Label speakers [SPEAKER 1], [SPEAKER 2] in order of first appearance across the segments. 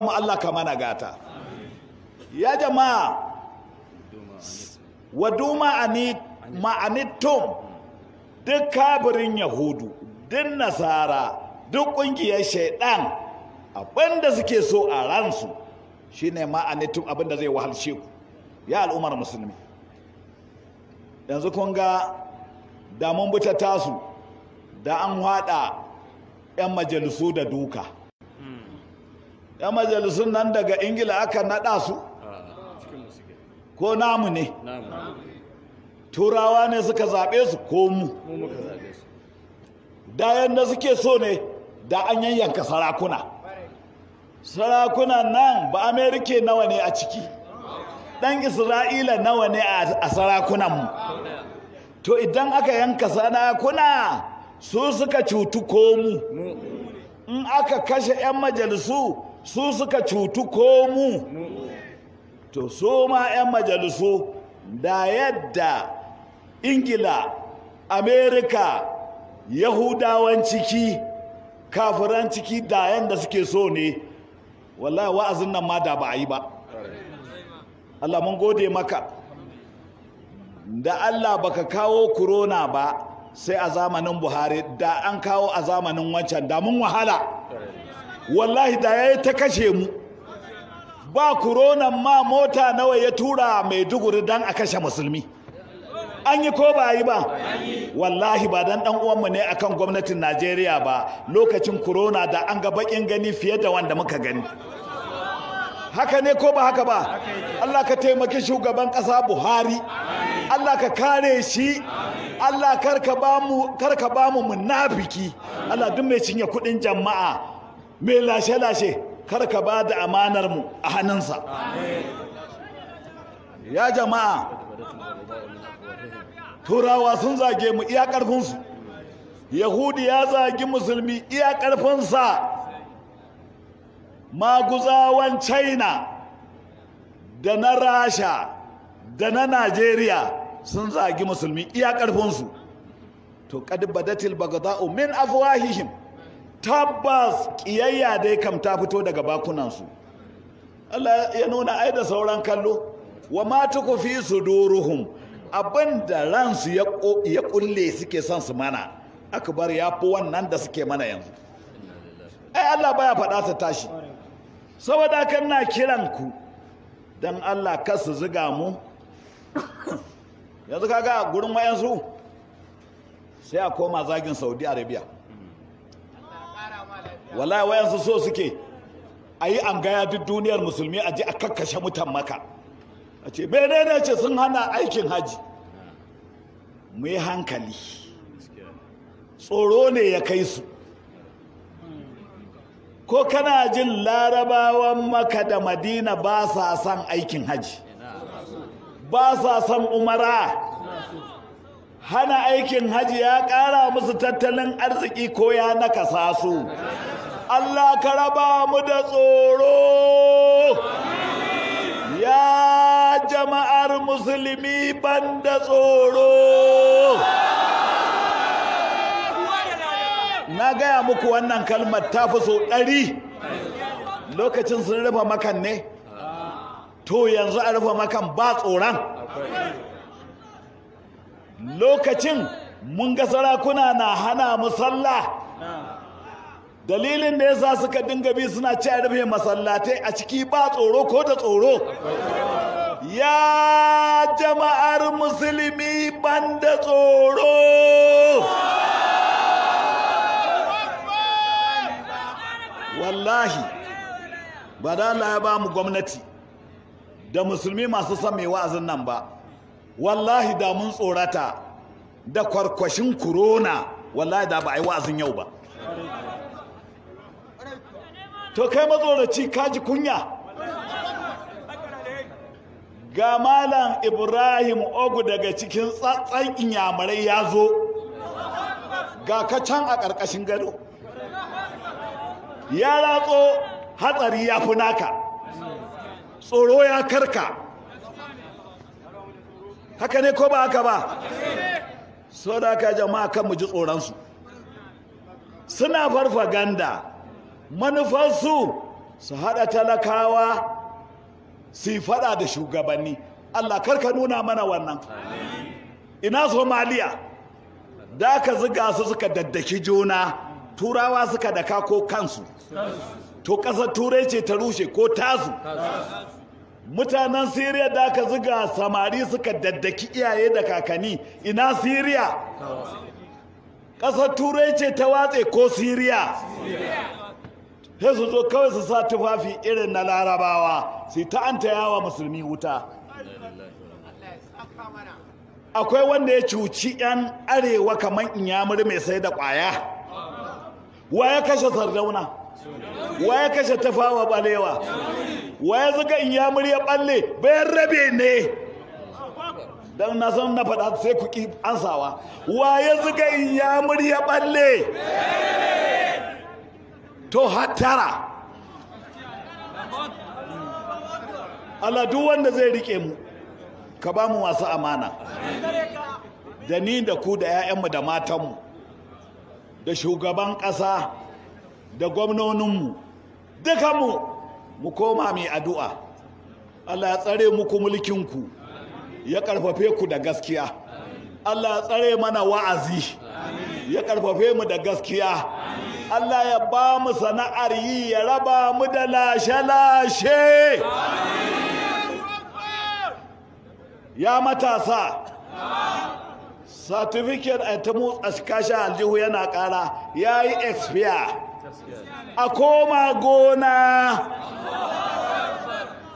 [SPEAKER 1] mu Allah ka mana gata ya jama'a wadu ma'ani ma'anittum duk kabirin yahudu duk nasara duk kungiyar shaidan abinda suke so a ransu shine ma'anittum abinda zai wahal ku ya al'ummar musulmi yanzu kun ga da mun buta tasu da an hada 'yan majalisu da duka ya majalisun nan daga ingila aka naɗa su ko namu ne turawa ne suka zaɓe su ko mu da yadda suke so ne da an yanyanka sarakuna sarakuna nan ba amerika nawa ne a ciki ɗan isra'ila nawa ne a sarakunan mu? to idan aka yanka sarakuna su suka cutu ko mu in aka kashe 'yan majalisu su suka cutu ko mu to su ma 'yan majalisu da yadda ingila amerika yahudawan ciki kafiran ciki da yadda suke so ne wallahi wa'azin nan ma da ba a yi ba allah mun gode maka da allah baka kawo corona ba sai a zamanin buhari da an kawo a zamanin wancan da mun wahala wallahi da ya yi ta kashe mu ba kuronan ma mota nawa ya tura mai duguri don a kashe musulmi an yi ko ba yi ba wallahi ba dan dan uwanmu ne akan gwamnatin Najeriya ba lokacin korona da an ga bakin gani fiye da wanda muka gani haka ne ko ba haka ba Allah ka taimaki shugaban kasa Buhari Allah ka kare shi Allah karka karka ba mu munafiki Allah duk mai cinye kudin jama'a mai lashe-lashe kar ka ba da amanar mu a hannunsa ya jama'a turawa sun zage mu iya ƙarfinsu yahudi ya zagi musulmi iya ƙarfinsa maguzawan china da na rasha da na najeriya sun zagi musulmi iya ƙarfinsu to kad badatil bagda'u min afuwahihim tabbas kiyayya dai kam ta fito daga bakunansu Allah ya nuna ai da sauran kallo wa mata ku fi su Abin abinda ransu ya kulle suke son su mana akbar ya fi wannan da suke mana yanzu ai Allah baya faɗa ta tashi saboda kan na kiran ku dan Allah kar su ziga mu yanzu kaga gurin wayansu sai a koma zagin Saudi Arabia wallahi wayansu so suke a yi an gaya duk duniyar musulmi a ji a kakkashe mutan maka a ce ne ce sun hana aikin haji mai hankali tsoro ne ya kai su ko kana jin larabawan maka da madina ba sa son aikin haji ba sa son umara hana aikin haji ya kara musu tattalin arziki ko ya nakasa su Allah ka raba mu da tsoro ya jama'ar musulmi ban da tsoro na gaya muku wannan kalmar ta fi so ɗari lokacin sun rufe makan ne to yanzu a rufe makan ba tsoron lokacin mun ga sarakuna na hana mu sallah dalilin da ya sa suka dinga bi suna ci rufe masallatai a ciki ba tsoro ko da tsoro ya jama'ar musulmi banda tsoro wallahi ba da ya ba mu gwamnati da musulmi masu son mai wa'azin nan ba wallahi da mun tsorata da kwarkwashin corona wallahi da ba a yi wa'azin yau ba to kai matsoraci ka ji kunya ga malam ibrahim ogu daga cikin tsatsan inyamarai ya zo ga kacan a ƙarƙashin gado ya ratso hatsari ya fi naka tsoro ya karka haka ne ko ba haka ba so da jama'a kan muji tsoronsu suna farfa ganda. Manufansu su haɗa talakawa su faɗa da shugabanni allah karka nuna mana wannan ina somaliya da ka ziga su suka daddaki juna turawa suka daka ko kansu to ƙasar turai ce ta rushe ko tasu mutanen siriya da aka ziga samari suka daddaki iyaye da kakanni ina siriya ƙasar turai ce ta watse ko siriya sai su zo kawai su sa tufafi irin na larabawa sai ta an yawa musulmi wuta akwai wanda ya cuci 'yan arewa kamar inyamuri mai sai da kwaya wa ya kashe sardauna wa ya kashe tafawa balewa wa ya zuga inyamuri ya balle bayan rabe ne don na san na faɗa sai ku ki ansawa wa ya zuga inyamuri ya balle to hatara, al'adu duk wanda zai rike mu ka ba mu masu amana da ni da ku da 'ya'yanmu da matanmu da shugaban ƙasa da gwamnoninmu dukanmu mu koma mai addu'a Allah ya tsare muku mulkinku ya ƙarfafe ku da gaskiya Allah ya tsare mana wa'azi ya ƙarfafe mu da gaskiya Allah ya ba mu sana'ar yi ya raba mu da lashe-lashe ya matasa certificate a ta motsa kashe aljihu yana ƙara ya yi expire a koma gona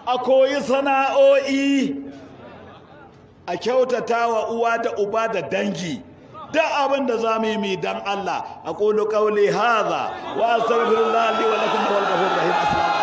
[SPEAKER 1] a koyi sana'o'i a kyautata wa uwa da uba da dangi duk abin da za mu yi mai dan Allah aqulu qawli haza, wa astaghfirullah li wa lakum wal ghafurur rahim